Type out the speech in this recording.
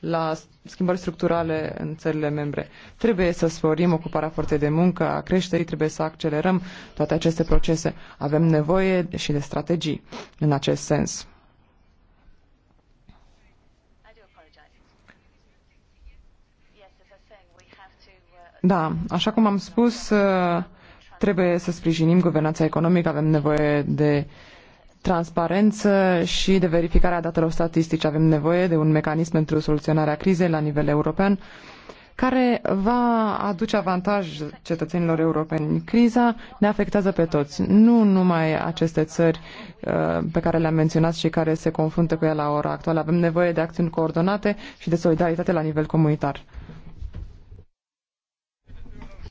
la schimbări structurale în țările membre. Trebuie să sporim ocuparea forței de muncă, a creșterii, trebuie să accelerăm toate aceste procese. Avem nevoie și de strategii în acest sens. Da, așa cum am spus, trebuie să sprijinim guvernanța economică, avem nevoie de uh, transparență și de verificare a datelor statistice. Avem nevoie de un mecanism pentru soluționarea crizei la nivel european care va aduce avantaj cetățenilor europeni. Criza ne afectează pe toți, nu numai aceste țări uh, pe care le-am menționat și care se confruntă cu ea la ora actuală. Avem nevoie de acțiuni coordonate și de solidaritate la nivel comunitar.